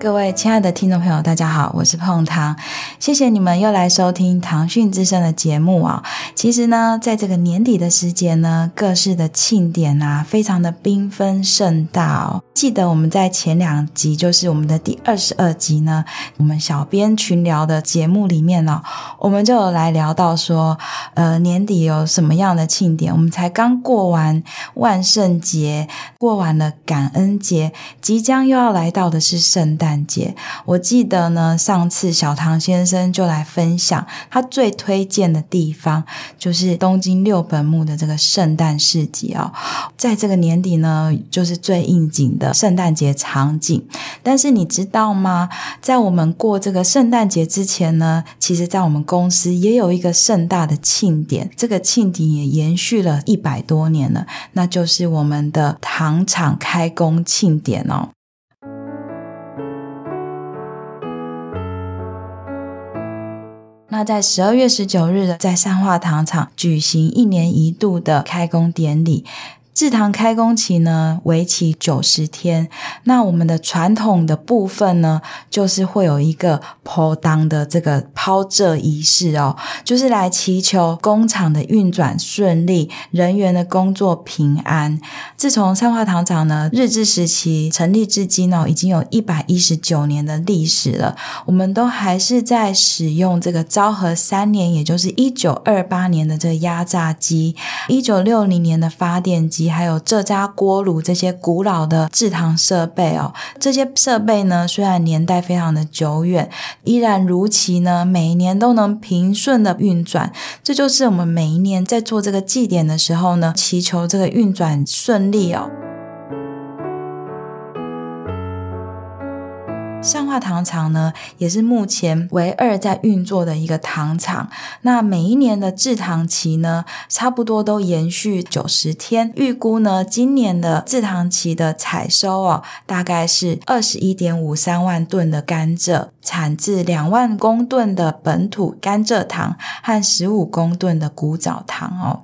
各位親愛的聽眾朋友，大家好，我是椪糖，謝謝你們又來收聽《糖訊之聲》的節目啊！其實呢，在這個年底的時間呢，各式的慶典啊，非常的繽紛盛大哦。記得我們在前兩集，就是我們的第二十二集呢，我們小編群聊的節目裡面哦，我們就有來聊到說，呃，年底有什麼樣的慶典？我們才剛過完萬聖節，過完了感恩節，即將又要來到的是聖誕。節，我記得呢，上次小唐先生就來分享他最推薦的地方，就是東京六本木的這個聖誕市集哦，在這個年底呢，就是最應景的聖誕節場景。但是你知道嗎？在我們過這個聖誕節之前呢，其實，在我們公司也有一個盛大的慶典。這個慶典也延續了一百多年了，那就是我們的糖廠開工慶典哦。那在十二月十九日在善化糖廠舉行一年一度的開工典禮。製糖開工期呢，為期九十天。那我們的傳統的部分呢，就是會有一個拋當的這個拋蔗儀式哦，就是來祈求工廠的運轉順利，人員的工作平安。自從善化糖廠呢，日治時期成立至今呢，已經有一百一十九年的歷史了。我們都還是在使用這個昭和三年，也就是一九二八年的這個壓榨機，一九六零年的發電機。還有蔗渣鍋爐這些古老的製糖設備哦，這些設備呢，雖然年代非常的久遠，依然如期呢，每一年都能平順的運轉，這就是我們每一年在做這個祭典的時候呢，祈求這個運轉順利哦。上化糖廠呢，也是目前唯二在運作的一個糖廠。那每一年的制糖期呢，差不多都延續九十天。預估呢，今年的制糖期的採收哦，大概是二十一點五三萬噸的甘蔗，產自兩萬公噸的本土甘蔗糖和十五公噸的古早糖哦。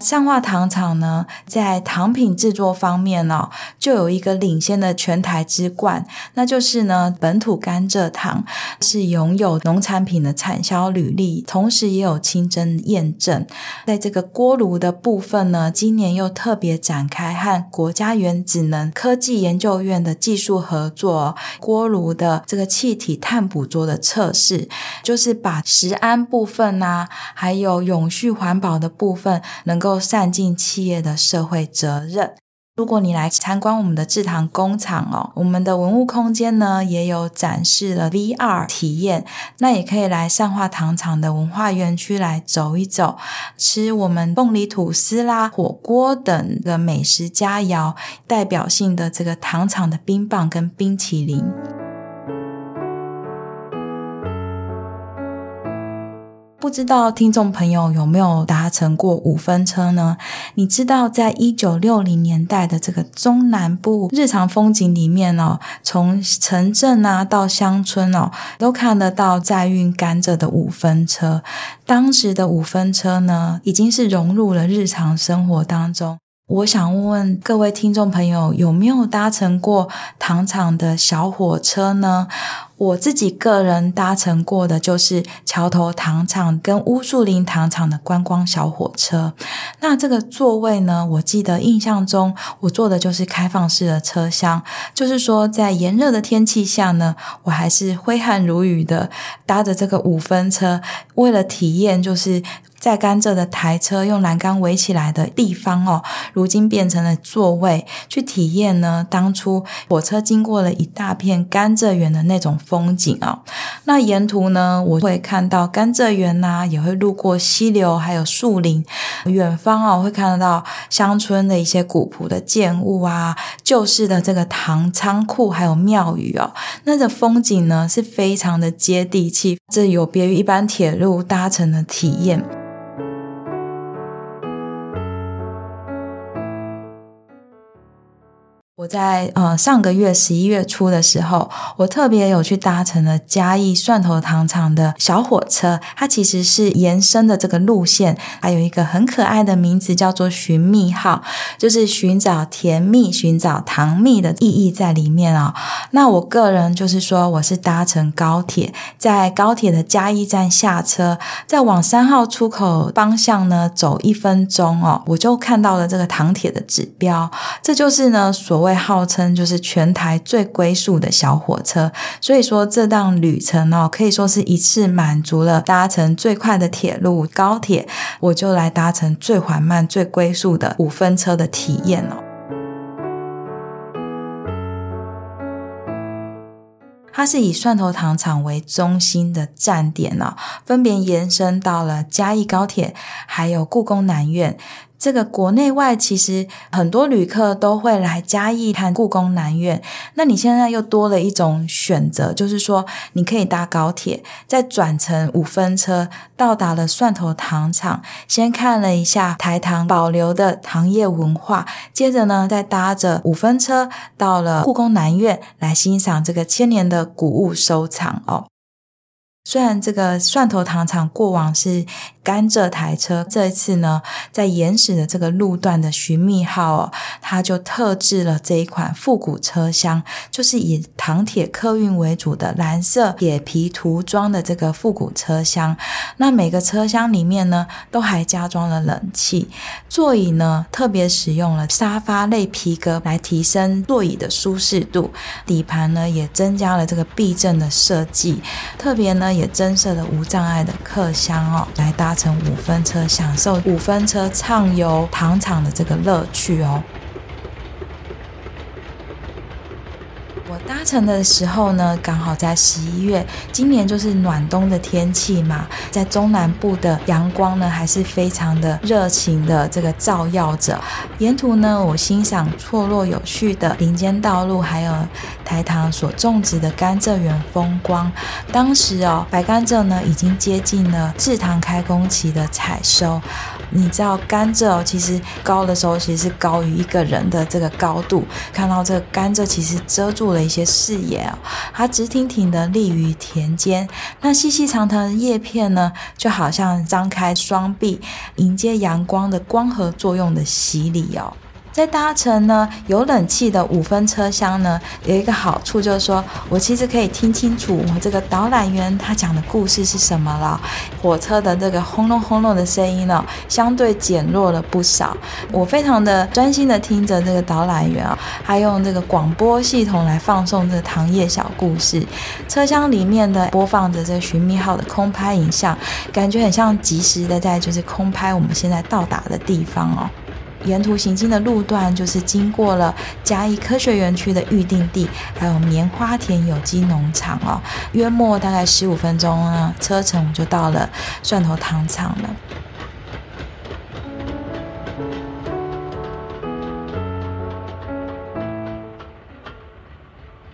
善化糖廠呢，在糖品制作方面哦，就有一個領先的全台之冠，那就是呢。本土甘蔗糖是擁有農產品的產銷履歷，同時也有清真驗證。在這個鍋爐的部分呢，今年又特別展開和國家原子能科技研究院的技術合作，鍋爐的這個氣體碳捕捉的測試，就是把食安部分吶、啊，還有永續環保的部分，能夠善盡企業的社會責任。如果你來參觀我們的製糖工廠哦，我們的文物空間呢也有展示了 VR 體驗，那也可以來善化糖廠的文化園區來走一走，吃我們鳳梨吐司啦、火鍋等的美食佳餚，代表性的這個糖廠的冰棒跟冰淇淋。不知道聽眾朋友有沒有搭乘過五分車呢？你知道，在一九六零年代的這個中南部日常風景裡面哦，從城鎮啊到鄉村哦、啊，都看得到載運甘蔗的五分車。當時的五分車呢，已經是融入了日常生活當中。我想問問各位聽眾朋友，有沒有搭乘過糖廠的小火車呢？我自己個人搭乘過的就是橋頭糖廠跟烏樹林糖廠的觀光小火車。那這個座位呢，我記得印象中我坐的就是開放式的車廂，就是說在炎熱的天氣下呢，我還是揮汗如雨的搭着這個五分車，為了體驗就是。在甘蔗的台車用欄杆圍起來的地方哦，如今變成了座位，去體驗呢。當初火車經過了一大片甘蔗園的那種風景哦。那沿途呢，我會看到甘蔗園吶、啊，也會路過溪流，還有樹林。遠方哦，會看得到鄉村的一些古樸的建物啊，舊式的這個糖倉庫，還有廟宇哦。那個風景呢，是非常的接地氣，這有別於一般鐵路搭乘的體驗。在呃上個月十一月初的時候，我特別有去搭乘了嘉義蒜頭糖廠的小火車。它其實是延伸的這個路線，還有一個很可愛的名字叫做“尋蜜號”，就是尋找甜蜜、尋找糖蜜的意義在裡面啊、哦。那我個人就是說，我是搭乘高鐵，在高鐵的嘉義站下車，再往三號出口方向呢走一分鐘哦，我就看到了這個糖鐵的指標。這就是呢所謂。號稱就是全台最龜速的小火車，所以說這趟旅程哦，可以說是一次滿足了搭乘最快的鐵路高鐵，我就來搭乘最緩慢、最龜速的五分車的體驗哦。它是以蒜頭糖廠為中心的站點哦，分別延伸到了嘉義高鐵站，還有故宮南院。這個國內外其實很多旅客都會來嘉義看故宮南院，那你現在又多了一種選擇，就是說你可以搭高鐵，再轉乘五分車到達了蒜頭糖廠，先看了一下台糖保留的糖業文化，接着呢再搭着五分車到了故宮南院，來欣賞這個千年的古物收藏哦。雖然這個蒜頭糖廠過往是甘蔗台車，這一次呢，在延駛的這個路段的尋蜜號哦，它就特製了這一款復古車廂，就是以糖鐵客運為主的藍色鐵皮塗裝的這個復古車廂。那每個車廂裡面呢，都還加裝了冷氣，座椅呢特別使用了沙發類皮革來提升座椅的舒適度，底盤呢也增加了這個避震的設計，特別呢也增設了無障礙的客廂哦，來搭乘五分車，享受五分車暢遊糖廠的這個樂趣哦。我搭乘的時候呢，剛好在十一月，今年就是暖冬的天氣嘛，在中南部的陽光呢，還是非常的熱情的這個照耀着。沿途呢，我欣賞錯落有序的林間道路，還有。台糖所種植的甘蔗園風光，當時哦，白甘蔗呢已經接近了製糖開工期的採收。你知道甘蔗哦，其實高的時候其實是高於一個人的這個高度。看到這個甘蔗其實遮住了一些視野哦，它直挺挺的立於田間，那細細長長的葉片呢，就好像張開雙臂迎接陽光的光合作用的洗禮哦。在搭乘呢有冷氣的五分車廂呢，有一個好處就是說，我其實可以聽清楚我這個導覽員他講的故事是什麼了、哦。火車的這個轟隆轟隆的聲音呢、哦，相對減弱了不少。我非常的專心的聽着這個導覽員啊、哦，他用這個廣播系統來放送這個糖業小故事，車廂裡面的播放着這個尋蜜號的空拍影像，感覺很像即時的在就是空拍我們現在到達的地方哦。沿途行經的路段，就是經過了嘉義科學園區的預定地，還有棉花田有機農場哦。約莫大概十五分鐘呢，車程就到了蒜頭糖廠了。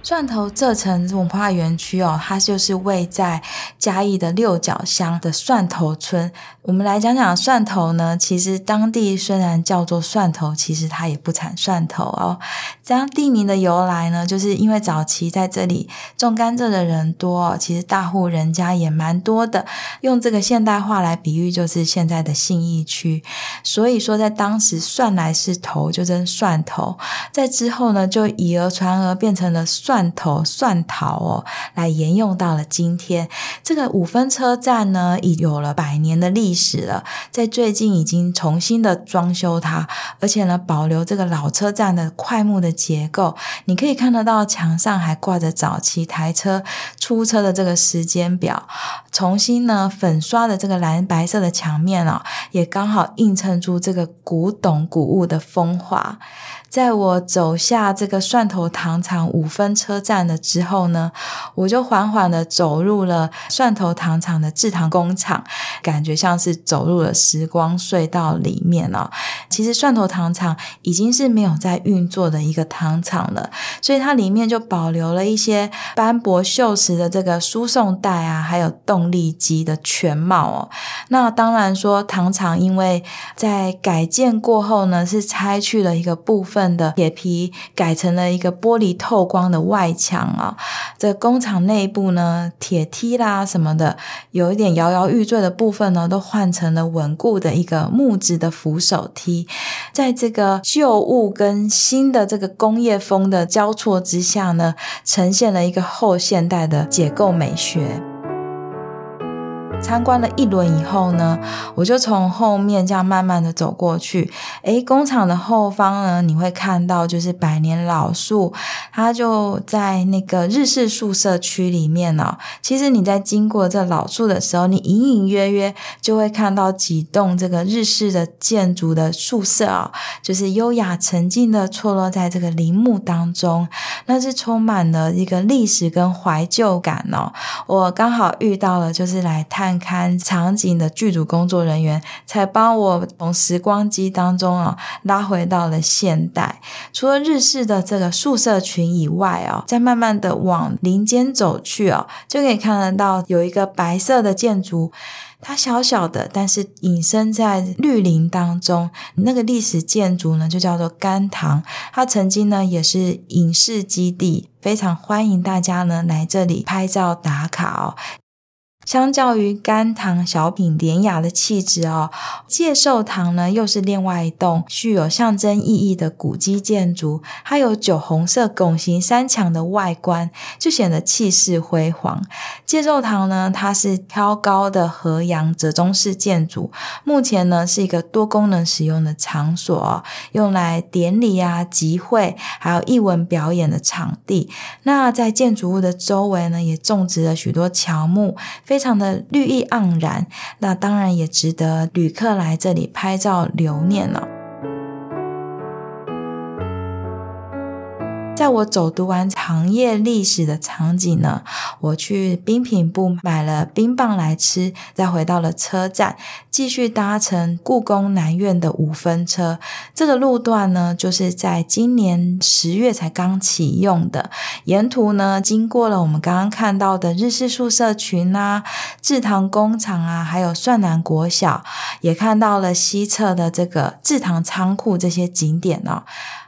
蒜頭蔗埕文化園區哦，它就是位在嘉義的六腳鄉的蒜頭村。我們來講講蒜頭呢，其實當地雖然叫做蒜頭，其實它也不產蒜頭哦。這樣地名的由來呢，就是因為早期在這裡種甘蔗的人多、哦，其實大戶人家也蠻多的。用這個現代化來比喻，就是現在的信義區。所以說，在當時算來是頭，就稱、是、算頭。在之後呢，就以訛傳訛，變成了蒜。蒜頭、蒜頭哦，來沿用到了今天。這個五分車站呢，已有了百年的歷史了。在最近已經重新的裝修它，而且呢，保留這個老車站的檜木的結構。你可以看得到牆上還掛着早期台車出車的這個時間表。重新呢粉刷的這個藍白色的牆面啊、哦，也剛好映襯出這個古董古物的風華。在我走下這個蒜頭糖廠五分車站了之後呢，我就緩緩的走入了蒜頭糖廠的製糖工廠，感覺像是走入了時光隧道裡面哦。其實蒜頭糖廠已經是沒有在運作的一個糖廠了，所以它裡面就保留了一些斑駁鏽蝕的這個輸送帶啊，還有動力機的全貌哦。那當然說糖廠因為在改建過後呢，是拆去了一個部分。的鐵皮改成了一個玻璃透光的外牆啊、哦，這個、工廠內部呢，鐵梯啦什麼的，有一點搖搖欲墜的部分呢，都換成了穩固的一個木質的扶手梯，在這個舊物跟新的這個工業風的交錯之下呢，呈現了一個後現代的解構美學。參觀了一輪以後呢，我就從後面這樣慢慢的走過去。誒，工廠的後方呢，你會看到就是百年老樹，它就在那個日式宿舍區裡面哦。其實你在經過這老樹的時候，你隱隱約約就會看到幾棟這個日式的建築的宿舍哦，就是優雅沉靜的錯落在這個林木當中，那是充滿了一個歷史跟懷舊感哦。我剛好遇到了，就是來探。看場景的劇組工作人員才幫我從時光機當中啊、哦、拉回到了現代。除了日式的這個宿舍群以外哦，再慢慢的往林間走去哦，就可以看得到有一個白色的建築，它小小的，但是隱身在綠林當中。那個歷史建築呢，就叫做甘堂，它曾經呢也是影視基地，非常歡迎大家呢來這裡拍照打卡、哦。相較於甘堂小品典雅的氣質哦，介壽堂呢又是另外一棟具有象徵意義的古蹟建築。它有酒紅色拱形山牆的外觀，就顯得氣勢輝煌。介壽堂呢，它是挑高的和洋折中式建築，目前呢是一個多功能使用的場所，哦，用來典禮啊、集會，還有藝文表演的場地。那在建築物的周圍呢，也種植了許多喬木。非常的綠意盎然，那當然也值得旅客來這裡拍照留念了，哦。在我走讀完糖業歷史的場景呢，我去冰品部買了冰棒來吃，再回到了車站，繼續搭乘故宮南院的五分車。這個路段呢，就是在今年十月才剛啟用的。沿途呢，經過了我們剛剛看到的日式宿舍群啊、製糖工廠啊，還有蒜南國小，也看到了西側的這個製糖倉庫這些景點哦。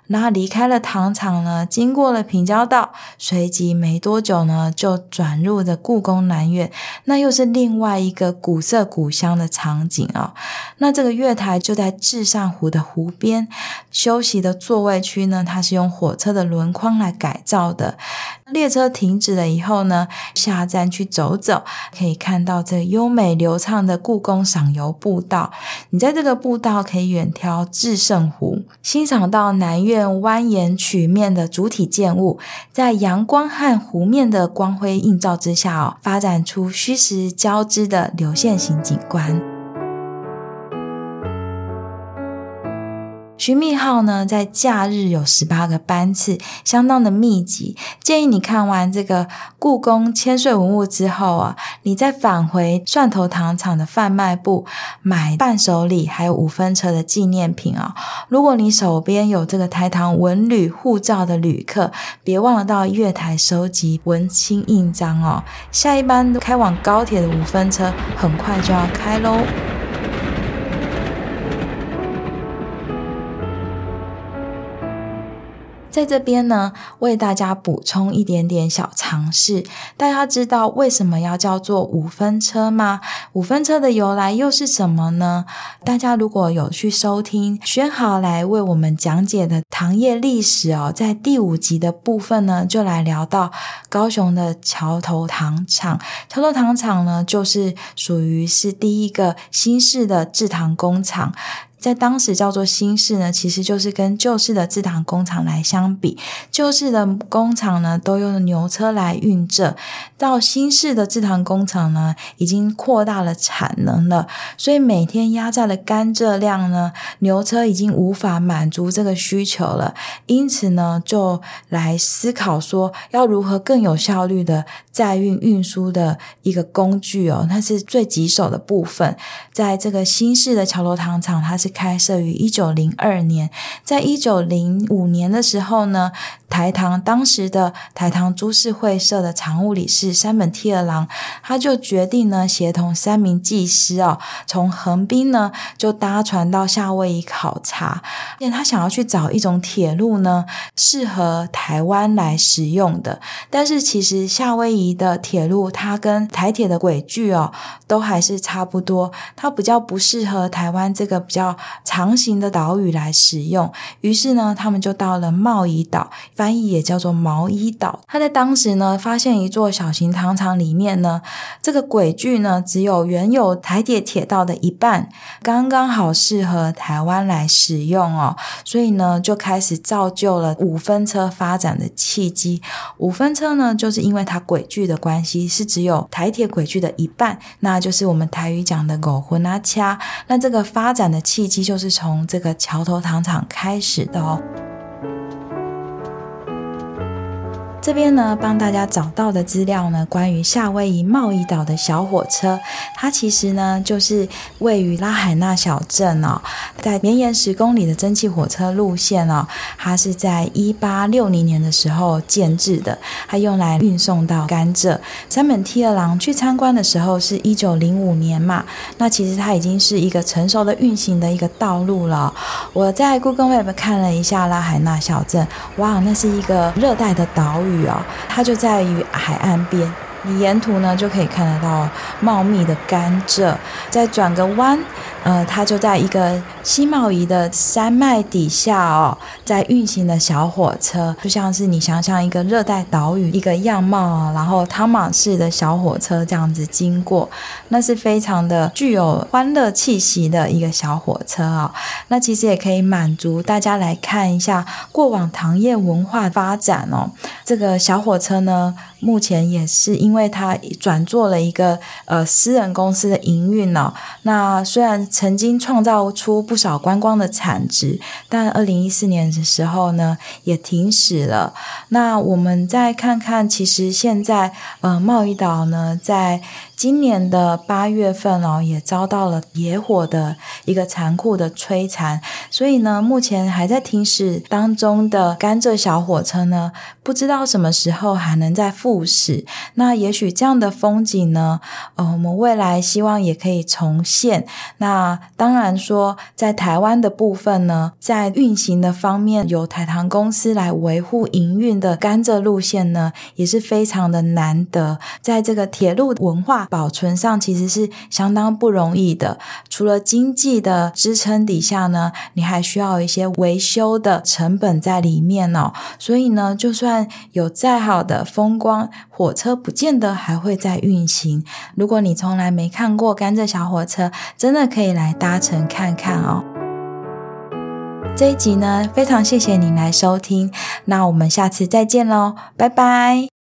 那離開了糖廠呢，經過了平交道，隨即沒多久呢，就轉入了故宮南院，那又是另外一個古色古香的場景啊、哦。那這個月台就在至善湖的湖邊，休息的座位區呢，它是用火車的輪框來改造的。列車停止了以後呢，下站去走走，可以看到這優美流暢的故宮賞遊步道。你在這個步道可以遠眺至善湖，欣賞到南院。蜿蜒曲面的主體建物，在陽光和湖面的光輝映照之下哦，發展出虛實交織的流線型景觀。尋蜜號呢，在假日有十八個班次，相當的密集。建議你看完這個故宮千歲文物之後啊，你再返回蒜頭糖廠的販賣部買伴手禮，還有五分車的紀念品啊。如果你手邊有這個台糖文旅護照的旅客，別忘了到月台收集文青印章哦。下一班開往高鐵的五分車很快就要開嘍。在這邊呢，為大家補充一點點小常識。大家知道為什麼要叫做五分車嗎？五分車的由來又是什麼呢？大家如果有去收聽軒豪來為我們講解的糖業歷史哦，在第五集的部分呢，就來聊到高雄的橋頭糖廠。橋頭糖廠呢，就是屬於是第一個新式的製糖工廠。在當時叫做新式呢，其實就是跟舊式的制糖工廠來相比，舊式的工廠呢都用牛車來運蔗，到新式的制糖工廠呢已經擴大了產能了，所以每天壓榨的甘蔗量呢，牛車已經無法滿足這個需求了，因此呢就來思考說要如何更有效率的載運運輸的一個工具哦，那是最棘手的部分，在這個新式的橋頭糖廠它是。開設於一九零二年，在一九零五年的時候呢，台糖當時的台糖株式會社的常務理事山本鐵郎，他就決定呢，協同三名技師哦，從橫濱呢就搭船到夏威夷考察，而且他想要去找一種鐵路呢，適合台灣來使用的。但是其實夏威夷的鐵路，它跟台鐵的軌距哦，都還是差不多，它比較不適合台灣這個比較。長形的島嶼來使用，於是呢，他們就到了茂宜島，翻譯也叫做毛伊島。他在當時呢，發現一座小型糖廠，裡面呢，這個軌距呢，只有原有台鐵鐵道的一半，剛剛好適合台灣來使用哦。所以呢，就開始造就了五分車發展的契機。五分車呢，就是因為它軌距的關係是只有台鐵軌距的一半，那就是我們台語講的“狗混拉掐”。那這個發展的契。契機就是從這個橋頭糖廠開始的哦。這邊呢，幫大家找到的資料呢，關於夏威夷茂宜島的小火車，它其實呢就是位於拉海納小鎮哦，在綿延十公里的蒸汽火車路線哦，它是在一八六零年的時候建制的，它用來運送到甘蔗。山本悌二郎去參觀的時候是一九零五年嘛，那其實它已經是一個成熟的運行的一個道路了哦。我在 Google Web 看了一下拉海納小鎮，哇，那是一個熱帶的島嶼。它就在於海岸邊，你沿途呢就可以看得到茂密的甘蔗，再轉個彎，呃，它就在一個，西茂宜的山脈底下哦，在運行的小火車，就像是你想像一個熱帶島嶼一個樣貌啊，然後湯瑪士的小火車這樣子經過，那是非常的具有歡樂氣息的一個小火車啊。那其實也可以滿足大家來看一下過往糖業文化發展哦，這個小火車呢。目前也是因為他轉做了一個呃私人公司的營運哦。那雖然曾經創造出不少觀光的產值，但二零一四年的時候呢也停駛了。那我們再看看，其實現在呃茂宜島呢，在今年的八月份哦，也遭到了野火的一個殘酷的摧殘，所以呢，目前還在停駛當中的甘蔗小火車呢，不知道什麼時候還能再復。故事，那也許這樣的風景呢，呃，我們未來希望也可以重現。那當然說，在台灣的部分呢，在運行的方面，由台糖公司來維護營運的甘蔗路線呢，也是非常的難得。在這個鐵路文化保存上，其實是相當不容易的。除了經濟的支撐底下呢，你還需要一些維修的成本在裡面哦。所以呢，就算有再好的風光。火車不見得還會再運行。如果你從來沒看過《甘蔗小火車》，真的可以來搭乘看看哦、喔。這一集呢，非常謝謝您來收聽，那我們下次再見嘍，拜拜。